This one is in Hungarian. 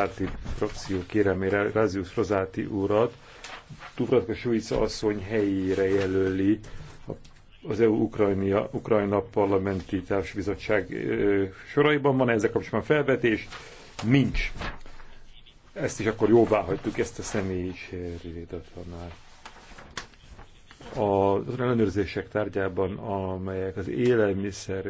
párti frakció kérelmére Rázius Rozáti úrat Dubravka Suica asszony helyére jelöli az EU Ukrajnia, Ukrajna Parlamenti Társbizottság soraiban van ezzel kapcsolatban felvetés? Nincs. Ezt is akkor jóvá hagytuk, ezt a személyi sérjét a Az ellenőrzések tárgyában, amelyek az élelmiszer